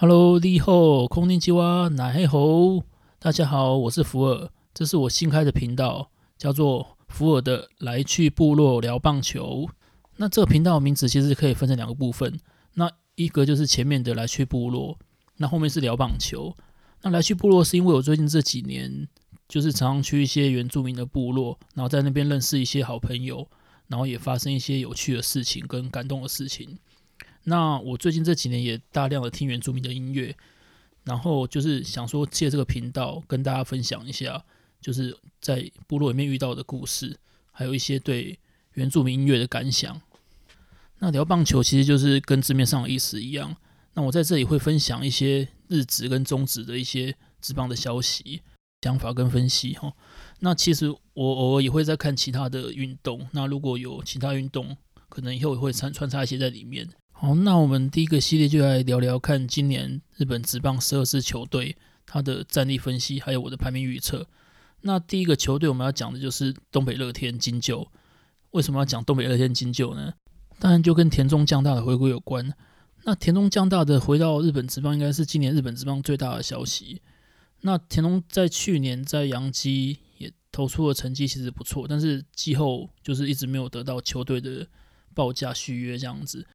哈嘍你好，Konnichiwa 奶黑猴，大家好，我是福耳，這是我新開的頻道，叫做福耳的來去部落聊棒球。那這個頻道的名字其實可以分成兩個部分，那一個就是前面的來去部落，那後面是聊棒球。那來去部落是因為我最近這幾年就是常常去一些原住民的部落，然後在那邊認識一些好朋友，然後也發生一些有趣的事情跟感動的事情。那我最近這幾年也大量的聽原住民的音樂，然後就是想說借這個頻道跟大家分享一下，就是在部落裡面遇到的故事，還有一些對原住民音樂的感想。那聊棒球其實就是跟字面上的意思一樣。那我在這裡會分享一些日職跟中職的一些職棒的消息、想法跟分析哈。那其實我偶爾也會在看其他的運動，那如果有其他運動，可能以後也會穿穿插一些在裡面。好，那我們第一個系列就來聊聊看今年日本職棒十二支球隊它的戰力分析，還有我的排名預測。那第一個球隊我們要講的就是東北樂天金鷲。為什麼要講東北樂天金鷲呢？當然就跟田中將大的回歸有關。那田中將大的回到日本職棒，應該是今年日本職棒最大的消息。那田中在去年在洋基也投出了成績其實不錯，但是季後就是一直沒有得到球隊的報價續約這樣子。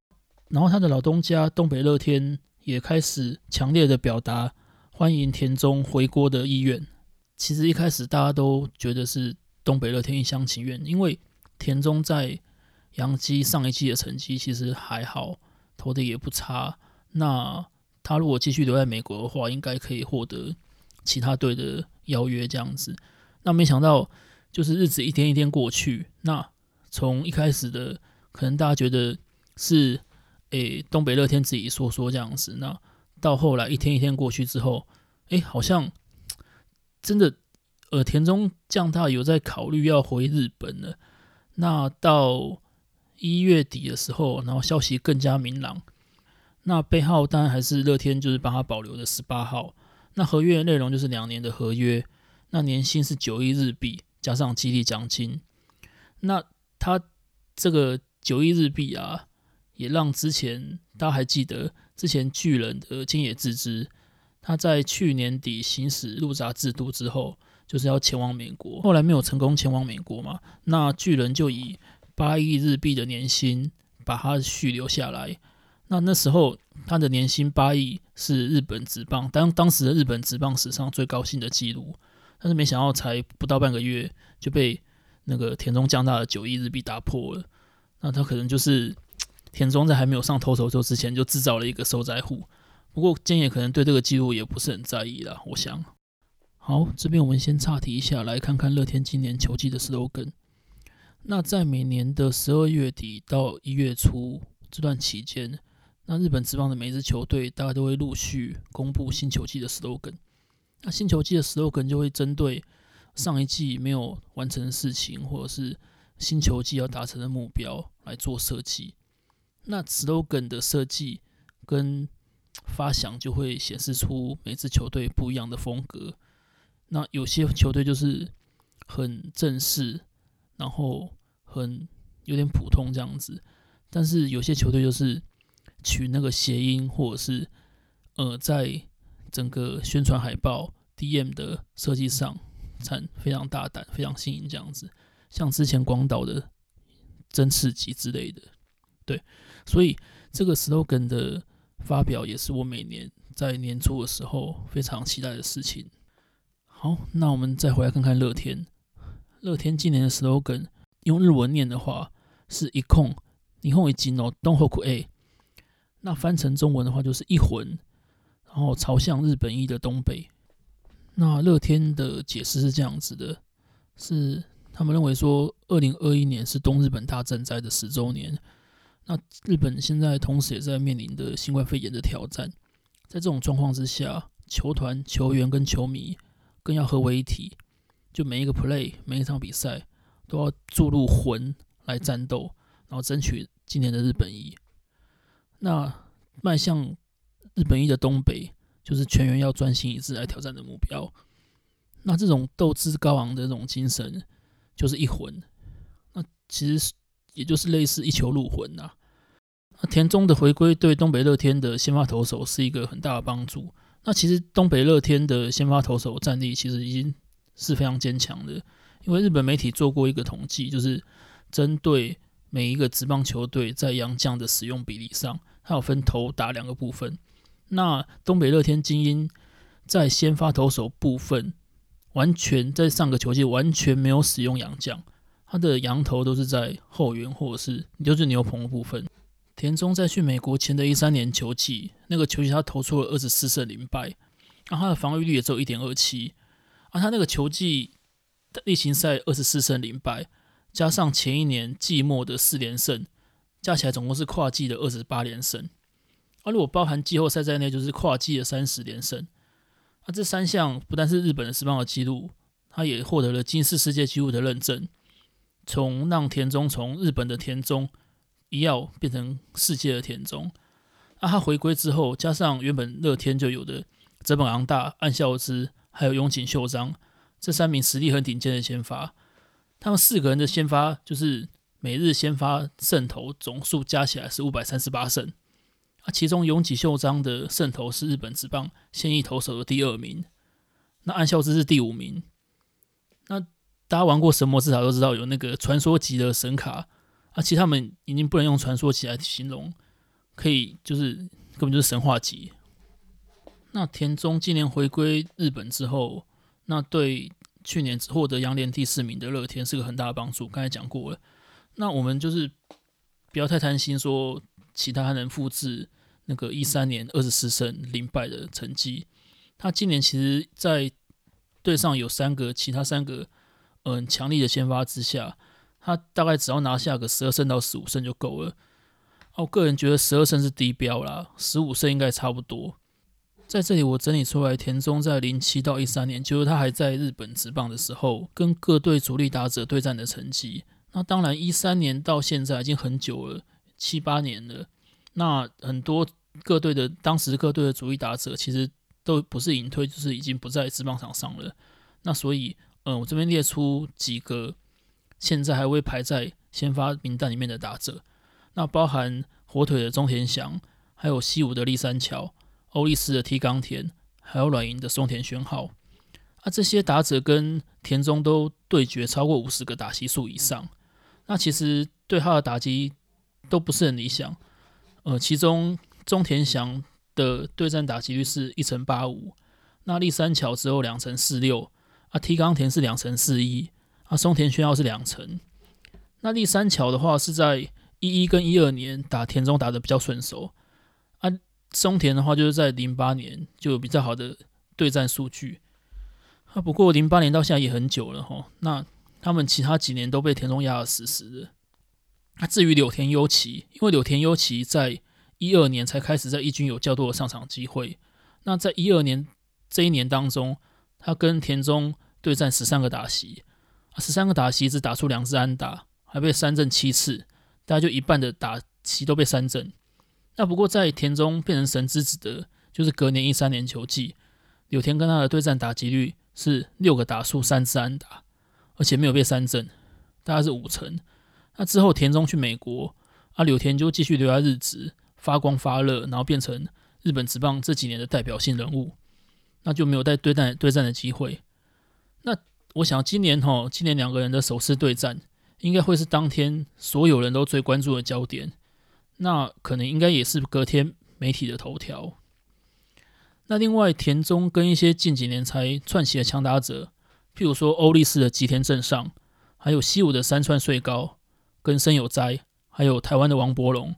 然後他的老東家東北樂天也開始強烈的表達歡迎田中回國的意願。其實一開始大家都覺得是東北樂天一廂情願，因為田中在洋基上一季的成績其實還好，投的也不差。那他如果繼續留在美國的話，應該可以獲得其他隊的邀約這樣子。那沒想到，就是日子一天一天過去，那從一開始的可能大家覺得是。誒、欸，東北樂天自己說說這樣子，那到後來一天一天過去之後，誒、欸，好像真的，呃，田中將大有在考慮要回日本了。那到一月底的時候，然後消息更加明朗。那背號當然還是樂天，就是幫他保留的十八號。那合約內容就是兩年的合約，那年薪是九億日幣，加上激勵獎金。那他這個九億日幣啊。也讓之前大家還記得，之前巨人的菅野智之。他在去年底行使入札制度之後，就是要前往美國，後來沒有成功前往美國嘛，那巨人就以八億日幣的年薪把他續留下來。那那時候他的年薪八億是日本職棒當當時的日本職棒史上最高薪的記錄，但是沒想到才不到半個月就被那個田中將大的九億日幣打破了，那他可能就是。田中在還沒有上投手秀之前就製造了一個受災戶，不過今天也可能對這個記錄也不是很在意啦。我想，好，這邊我們先岔題一下，來看看樂天今年球季的 slogan。那在每年的十二月底到一月初這段期間，那日本職棒的每一支球隊大概都會陸續公布新球季的 slogan。那新球季的 slogan 就會針對上一季沒有完成的事情，或者是新球季要達成的目標來做設計。那 slogan 的設計跟發想就會顯示出每支球隊不一樣的風格。那有些球隊就是很正式，然後很有點普通這樣子，但是有些球隊就是取那個諧音，或者是呃，在整個宣傳海報、DM 的設計上，才非常大膽、非常新穎這樣子。像之前廣島的“真刺激”之類的，對。所以這個 slogan 的發表也是我每年在年初的時候非常期待的事情。好，那我們再回來看看樂天。樂天今年的 slogan 用日文念的話是“一魂，日本一への東北へ”。那翻成中文的話就是“一魂”，然後朝向日本一的東北。那樂天的解釋是這樣子的：是他們認為說，二零二一年是東日本大震災的十週年。那日本現在同時也在面臨的新冠肺炎的挑戰，在這種狀況之下，球團、球員跟球迷更要合為一體，就每一個 play、每一場比賽都要注入魂來戰鬥，然後爭取今年的日本一。那邁向日本一的東北，就是全員要專心一致來挑戰的目標。那這種鬥志高昂的這種精神，就是一魂。那其實。也就是類似一球入魂吶，那田中的回歸對東北樂天的先發投手是一個很大的幫助。那其實東北樂天的先發投手戰力其實已經是非常堅強的，因為日本媒體做過一個統計，就是針對每一個職棒球隊在洋將的使用比例上，它有分投打兩個部分。那東北樂天金鷲在先發投手部分，完全在上個球季完全沒有使用洋將。他的洋投都是在後援或者是就是牛棚的部分。田中在去美國前的一三年球季，那個球季他投出了二十四勝零敗，然後他的防御率也只有一點二七。而他那個球季例行賽二十四勝零敗，加上前一年季末的四連勝，加起來總共是跨季的二十八連勝、啊。而如果包含季後賽在內，就是跨季的三十連勝、啊。那這三項不但是日本的職棒的紀錄，他也獲得了金氏世界紀錄的認證。從讓田中，從日本的田中一躍變成世界的田中。那、啊、他回歸之後，加上原本樂天就有的則本昂大、岸孝之，還有湧井秀章這三名實力很頂尖的先發，他們四個人的先發就是每日先發勝投總數加起來是五百三十八勝。啊，其中湧井秀章的勝投是日本職棒現役投手的第二名，那岸孝之是第五名。大家玩過《神魔之塔》都知道有那個傳說級的神卡，啊，其實他們已經不能用傳說級來形容，可以就是根本就是神話級。那田中今年回歸日本之後，那對去年獲得洋聯第四名的樂天是個很大的幫助。剛才講過了，那我們就是不要太貪心，說其他還能複製那個一三年二十四勝零敗的成績。他今年其實在隊上有三個，其他三個。嗯，強力的先發之下，他大概只要拿下個十二勝到十五勝就夠了。哦，我個人覺得十二勝是低標啦，十五勝應該差不多。在這裡我整理出來，田中在零七到一三年，就是他還在日本職棒的時候，跟各隊主力打者對戰的成績。那當然，一三年到現在已經很久了，七八年了。那很多各隊的當時各隊的主力打者，其實都不是引退，就是已經不在職棒場上了。那所以。嗯，我這邊列出幾個現在還未排在先發名單裡面的打者，那包含火腿的中田翔，還有西武的栗山巧、歐力士的 T 岡田，還有軟銀的松田宣浩。啊，這些打者跟田中都對決超過五十個打席數以上，那其實對他的打擊都不是很理想。呃，其中中田翔的對戰打擊率是一成八五，那栗山巧只有兩成四六。啊，T 岡田是兩成四一，啊，松田宣浩是兩成。那立三橋的話是在一一跟一二年打田中打的比較順手，啊，松田的話就是在零八年就有比較好的對戰數據。啊，不過零八年到現在也很久了吼。那他們其他幾年都被田中壓得死死的。啊，至於柳田優棋，因為柳田優棋在一二年才開始在一軍有較多的上場機會。那在一二年這一年當中，他跟田中對戰十三個打席，啊，十三個打席只打出兩次安打，還被三振七次，大概就一半的打席都被三振。那不過在田中變成神之子的，就是隔年一三年球季，柳田跟他的對戰打擊率是六個打數三次安打，而且沒有被三振，大概是五成。那之後田中去美國，啊，柳田就繼續留在日職發光發熱，然後變成日本職棒這幾年的代表性人物，那就沒有再對戰對戰的機會。那我想，今年哈，今年兩個人的首次對戰，應該會是當天所有人都最關注的焦點。那可能應該也是隔天媒體的頭條。那另外，田中跟一些近幾年才竄起的強打者，譬如說歐力士的吉田正尚，還有西武的山川穗高、跟森友哉，還有台灣的王柏融，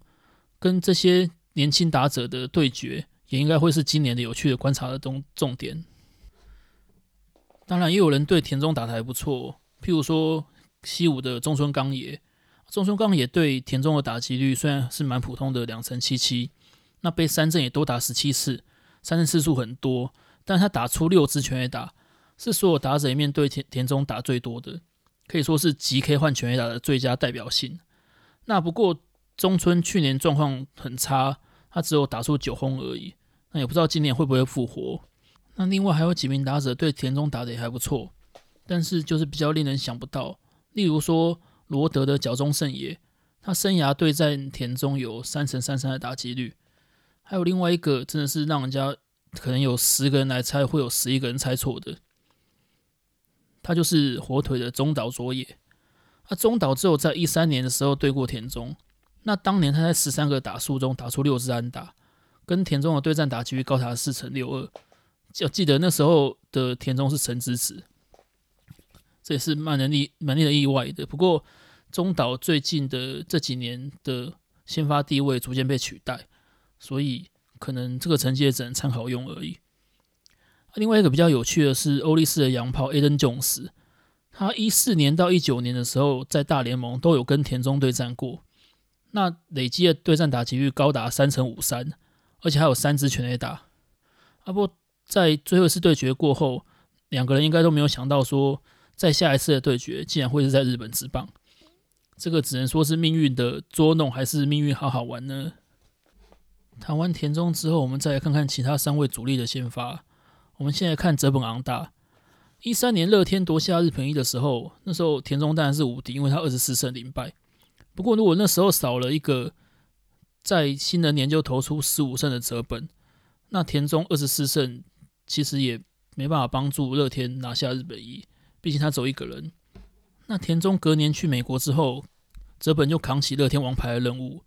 跟這些年輕打者的對決，也應該會是今年的有趣的觀察的重重點。當然，也有人對田中打得還不錯。譬如說西武的中村剛也，中村剛也對田中的打擊率雖然是蠻普通的兩成七七，那被三振也多達十七次，三振次數很多，但他打出六支全壘打，是所有打者裡面對田田中打最多的，可以說是 GK 換全壘打的最佳代表性。那不過中村去年狀況很差，他只有打出九轟而已，那也不知道今年會不會復活。那另外還有幾名打者對田中打得也還不錯，但是就是比較令人想不到，例如說羅德的角中勝也，他生涯對戰田中有三成三三的打擊率，還有另外一個真的是讓人家可能有十個人來猜，會有十一個人猜錯的，他就是火腿的中島卓也。那中島只有在一三年的時候對過田中，那當年他在十三個打數中打出六支安打，跟田中的對戰打擊率高達四成六二。就記得那時候的田中是神之子，這也是蠻能力蠻令人意外的。不過中島最近的這幾年的先發地位逐漸被取代，所以可能這個成績也只能參考用而已。啊、另外一個比較有趣的是歐力士的洋炮 Adam Jones，他一四年到一九年的時候在大聯盟都有跟田中對戰過，那累積的對戰打擊率高達三成五三，而且還有三支全壘打。啊不。在最後一次對決過後，兩個人應該都沒有想到說，說在下一次的對決竟然會是在日本職棒。這個只能說是命運的捉弄，還是命運好好玩呢？談完田中之後，我們再來看看其他三位主力的先發。我們先來看則本昂大。一三年樂天奪下日本一的時候，那時候田中當然是無敵，因為他二十四勝零敗。不過如果那時候少了一個在新人年就投出十五勝的則本，那田中二十四勝其實也沒辦法幫助樂天拿下日本一，畢竟他只有一個人。那田中隔年去美國之後，澤本就扛起樂天王牌的任務。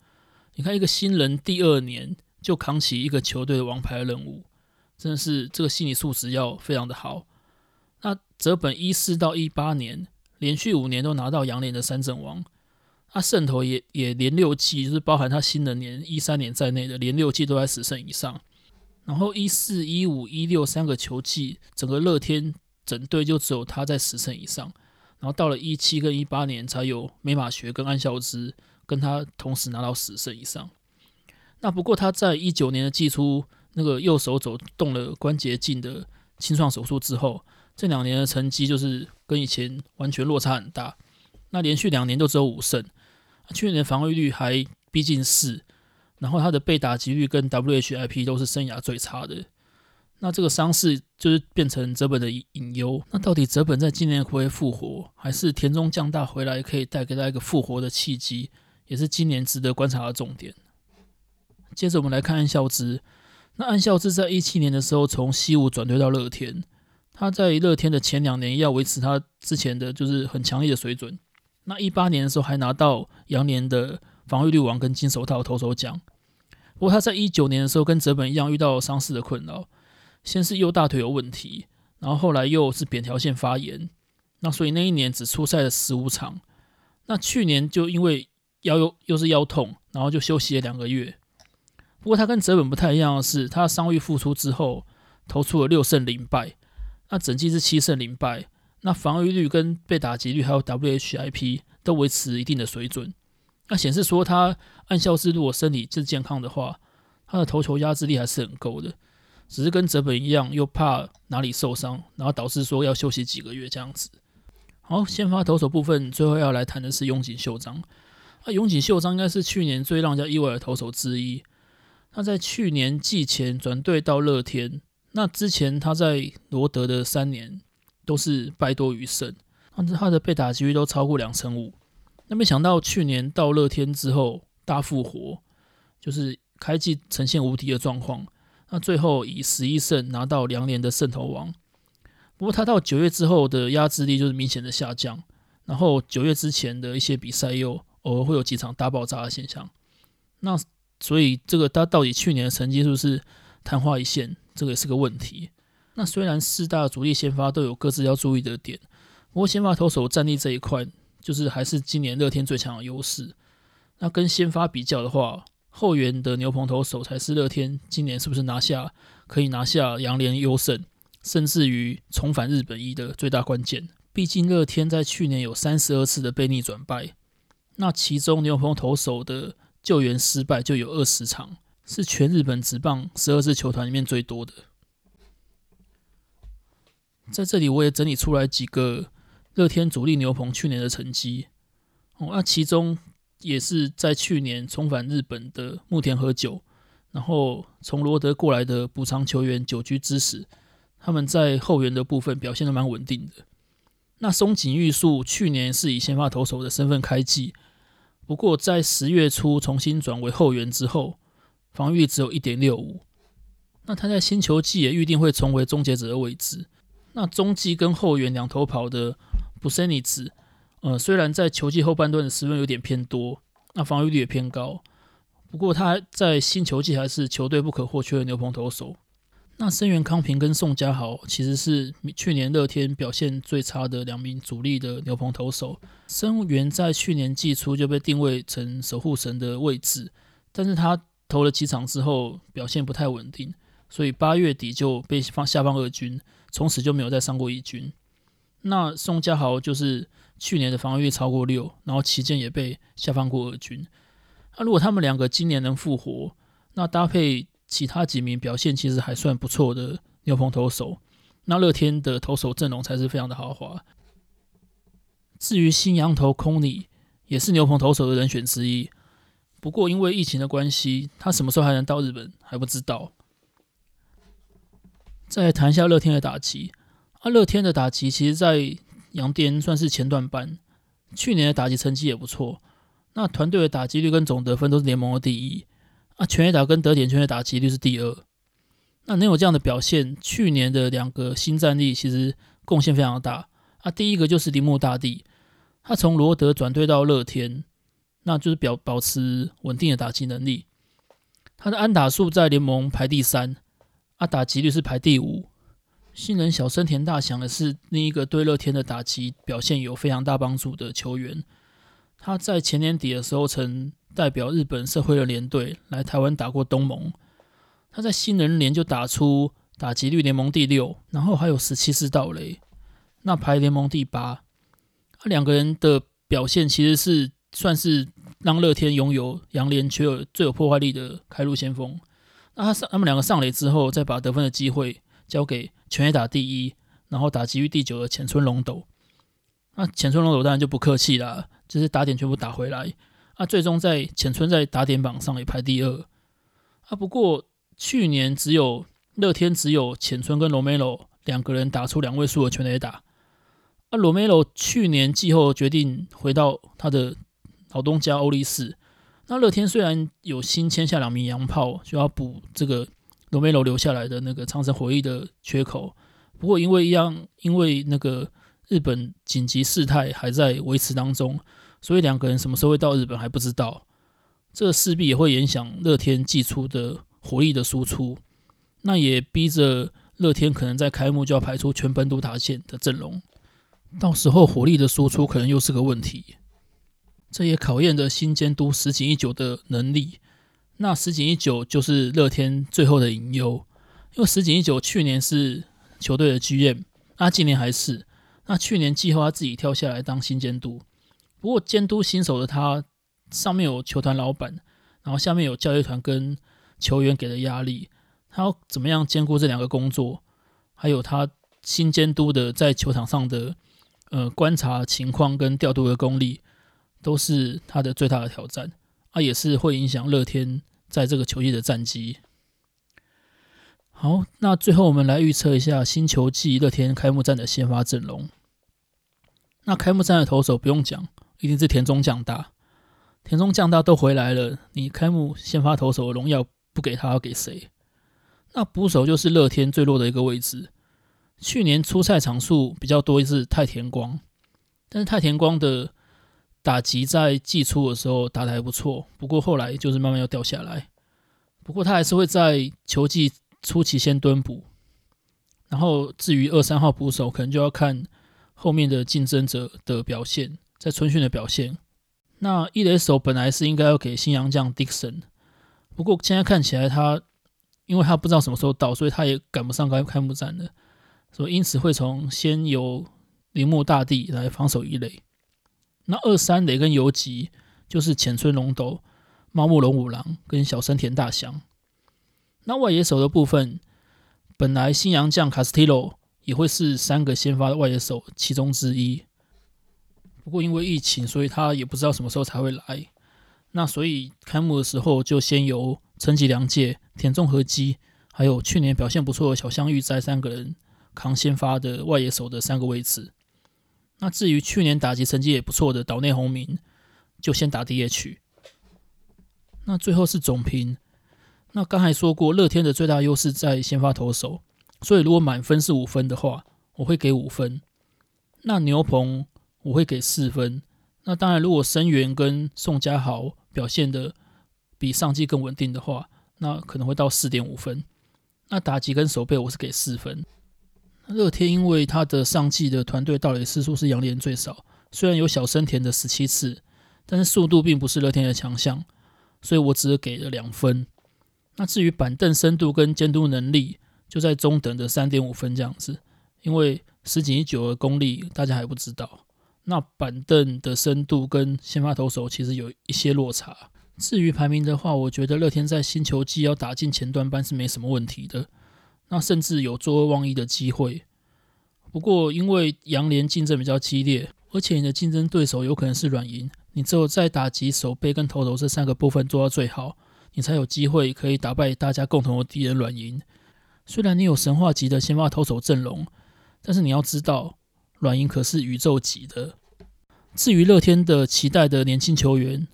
你看一個新人第二年就扛起一個球隊的王牌的任務，真的是這個心理素質要非常的好。那澤本一四到一八年連續五年都拿到洋聯的三振王，那勝投也也連六季，就是包含他新人年一三年在內的連六季都在十勝以上。然後一四一五一六三個球季，整個樂天整隊就只有他在十勝以上。然後到了一七跟一八年才有美馬學跟岸孝之跟他同時拿到十勝以上。那不過他在一九年的季初那個右手肘動了關節鏡的清創手術之後，這兩年的成績就是跟以前完全落差很大。那連續兩年都只有五勝，去年的防禦率還逼近四，然後他的被打擊率跟 WHIP 都是生涯最差的，那這個傷勢就是變成則本的隱憂。那到底則本在今年會不會復活，還是田中將大回來可以帶給他一個復活的契機，也是今年值得觀察的重點。接着我們來看岸孝之，那岸孝之在一七年的時候從西武轉隊到樂天，他在樂天的前兩年要維持他之前的就是很強烈的水準，那一八年的時候還拿到洋聯的防禦率王跟金手套投手獎，不過他在一九年的時候跟則本一樣遇到了傷勢的困擾，先是右大腿有問題，然後後來又是扁桃腺發炎，那所以那一年只出賽了十五場。那去年就因為腰又又是腰痛，然後就休息了兩個月。不過他跟則本不太一樣的是，他的傷癒復出之後投出了六勝零敗，那整季是七勝零敗，那防禦率跟被打擊率還有 WHIP 都維持一定的水準。那顯示說，他岸孝之如果身體是健康的話，他的投球壓制力還是很夠的，只是跟則本一樣，又怕哪裡受傷，然後導致說要休息幾個月這樣子。好，先發投手部分，最後要來談的是湧井秀章。那湧井秀章應該是去年最讓人家意外的投手之一。他在去年季前轉隊到樂天，那之前他在羅德的三年都是敗多於勝，但是他的被打擊率都超過兩成五。那沒想到去年到樂天之後大復活，就是開季呈現無敵的狀況。那最後以十一勝拿到兩連的勝投王。不過他到九月之後的壓制力就是明顯的下降，然後九月之前的一些比賽又偶爾會有幾場大爆炸的現象。那所以這個他到底去年的成績是不是曇花一現，這個也是個問題。那雖然四大主力先發都有各自要注意的點，不過先發投手戰力這一塊就是還是今年樂天最強的優勢。那跟先發比較的話，後援的牛棚投手才是樂天今年是不是拿下，可以拿下洋聯優勝，甚至於重返日本一的最大關鍵。畢竟樂天在去年有三十二次的被逆轉敗，那其中牛棚投手的救援失敗就有二十場，是全日本職棒十二支球團裡面最多的。在這裡我也整理出來幾個。樂天主力牛棚去年的成績哦，那、啊、其中也是在去年重返日本的牧田和久，然後從羅德過來的補償球員酒居知史，他們在後援的部分表現的蠻穩定的。那松井裕樹去年是以先發投手的身份開季，不過在十月初重新轉為後援之後，防禦率只有一點六五。那他在新球季也預定會重回終結者的位置。那中繼跟後援兩頭跑的，布森尼茲，呃，雖然在球季後半段的失分有點偏多，那防御率也偏高，不過他在新球季還是球隊不可或缺的牛棚投手。那森原康平跟宋家豪其實是去年樂天表現最差的兩名主力的牛棚投手。森原在去年季初就被定位成守護神的位置，但是他投了幾場之後表現不太穩定，所以八月底就被下放下放二軍，從此就沒有再上過一軍。那宋家豪就是去年的防禦率超過六，然後旗艦也被下放過二軍。那、啊、如果他們兩個今年能復活，那搭配其他幾名表現其實還算不錯的牛棚投手，那樂天的投手陣容才是非常的豪華。至於新洋投空里也是牛棚投手的人選之一，不過因為疫情的關係，他什麼時候還能到日本還不知道。再談一下樂天的打擊。阿、啊、樂天的打擊，其實，在洋聯算是前段班，去年的打擊成績也不錯。那團隊的打擊率跟總得分都是聯盟的第一。啊，全壘打跟得點圈的打擊率是第二。那能有這樣的表現，去年的兩個新戰力其實貢獻非常大。啊，第一個就是鈴木大地，他、啊、從羅德轉隊到樂天，那就是表保持穩定的打擊能力。他的安打數在聯盟排第三，啊，打擊率是排第五。新人小深田大翔的是另一個對樂天的打擊表現有非常大幫助的球員。他在前年底的時候曾代表日本社會的聯隊來台灣打過東盟。他在新人年就打出打擊率聯盟第六，然後還有十七次盜壘，那排聯盟第八。他兩個人的表現其實是算是讓樂天擁有洋聯，卻有最有破壞力的開路先鋒。那他上他們兩個上壘之後，再把得分的機會交給全壘打第一，然後打擊率第九的淺村龍斗，那淺村龍斗當然就不客氣啦，就是打點全部打回來，啊，最終在淺村在打點榜上也排第二，啊，不過去年只有樂天只有淺村跟羅梅羅兩個人打出兩位數的全壘打，啊，羅梅羅去年季後決定回到他的老東家歐力士，那樂天雖然有新簽下兩名洋炮，就要補這個。羅梅羅留下來的那個長程火力的缺口，不過因為一樣，因為那個日本緊急事態還在維持當中，所以兩個人什麼時候會到日本還不知道，這勢必也會影響樂天祭出的火力的輸出，那也逼着樂天可能在開幕就要排出全本土打線的陣容，到時候火力的輸出可能又是個問題，這也考驗着新監督石井一久的能力。那石井一久就是樂天最後的隱憂，因為石井一久去年是球隊的 GM，那今年還是。那去年計劃他自己跳下來當新監督，不過監督新手的他，上面有球團老闆，然後下面有教練團跟球員給的壓力，他要怎麼樣兼顧這兩個工作，還有他新監督的在球場上的呃觀察情況跟調度的功力，都是他的最大的挑戰。他、啊、也是會影響樂天在這個球季的戰績。好，那最後我們來預測一下新球季樂天開幕戰的先發陣容。那開幕戰的投手不用講，一定是田中將大。田中將大都回來了，你開幕先發投手的榮耀不給他，要給誰？那捕手就是樂天最弱的一個位置。去年出賽場數比較多的是太田光，但是太田光的，打擊在季初的時候打得還不錯，不過後來就是慢慢要掉下來。不過他還是會在球季初期先蹲捕，然後至於二三號捕手可能就要看後面的競爭者的表現，在春訓的表現。那一壘手本來是應該要給新洋將 Dickson，不過現在看起來他因為他不知道什麼時候到，所以他也趕不上開開幕戰了，所以因此會從先由鈴木大地來防守一壘。那二三壘跟游擊就是淺村榮斗、茂木榮五郎跟小森田大翔。那外野手的部分，本來新洋將卡斯蒂羅也會是三個先發的外野手其中之一，不過因為疫情，所以他也不知道什麼時候才會來。那所以開幕的時候就先由辰己涼介、田中和基，還有去年表現不錯的小鄉裕哉三個人扛先發的外野手的三個位置。那至於去年打擊成績也不錯的島內宏明，就先打 DH。那最後是總評。那剛才說過，樂天的最大優勢在先發投手，所以如果滿分是五分的話，我會給五分。那牛棚我會給四分。那當然，如果森原跟宋家豪表現得比上季更穩定的話，那可能會到四點五分。那打擊跟守備我是給四分。樂天因為他的上季的團隊盜壘次數是洋聯最少，雖然有小深田的十七次，但是速度並不是樂天的強項，所以我只給了兩分。那至於板凳深度跟監督能力，就在中等的三點五分這樣子。因為石井一久的功力大家還不知道，那板凳的深度跟先發投手其實有一些落差。至於排名的話，我覺得樂天在新球季要打進前段班是沒什麼問題的。那甚至有坐二望一的機會。不過，因為洋聯競爭比較激烈，而且你的競爭對手有可能是軟銀，你只有在打擊、守備跟投手這三個部分做到最好，你才有機會可以打敗大家共同的敵人軟銀。雖然你有神話級的先發投手陣容，但是你要知道，軟銀可是宇宙級的。至於樂天的期待的年輕球員。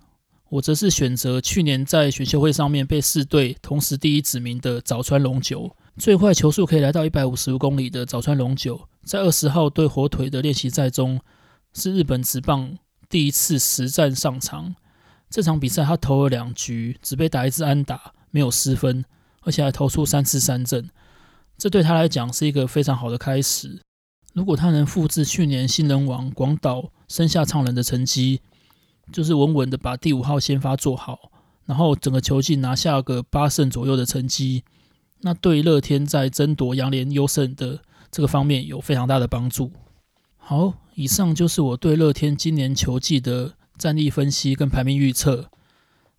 我則是選擇去年在選秀會上面被四隊同時第一指名的早川隆久，最快球速可以來到一百五十五公里的早川隆久，在二十號對火腿的練習賽中，是日本職棒第一次實戰上場。這場比賽他投了兩局，只被打一次安打，沒有失分，而且還投出三次三振，這對他來講是一個非常好的開始。如果他能複製去年新人王廣島森下暢仁的成績。就是穩穩的把第五號先發做好，然後整個球季拿下個八勝左右的成績，那對樂天在爭奪洋聯優勝的這個方面有非常大的幫助。好，以上就是我對樂天今年球季的戰力分析跟排名預測。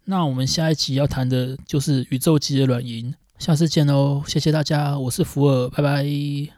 那我們下一集要談的就是宇宙級的軟銀。下次見哦，謝謝大家，我是福耳，拜拜。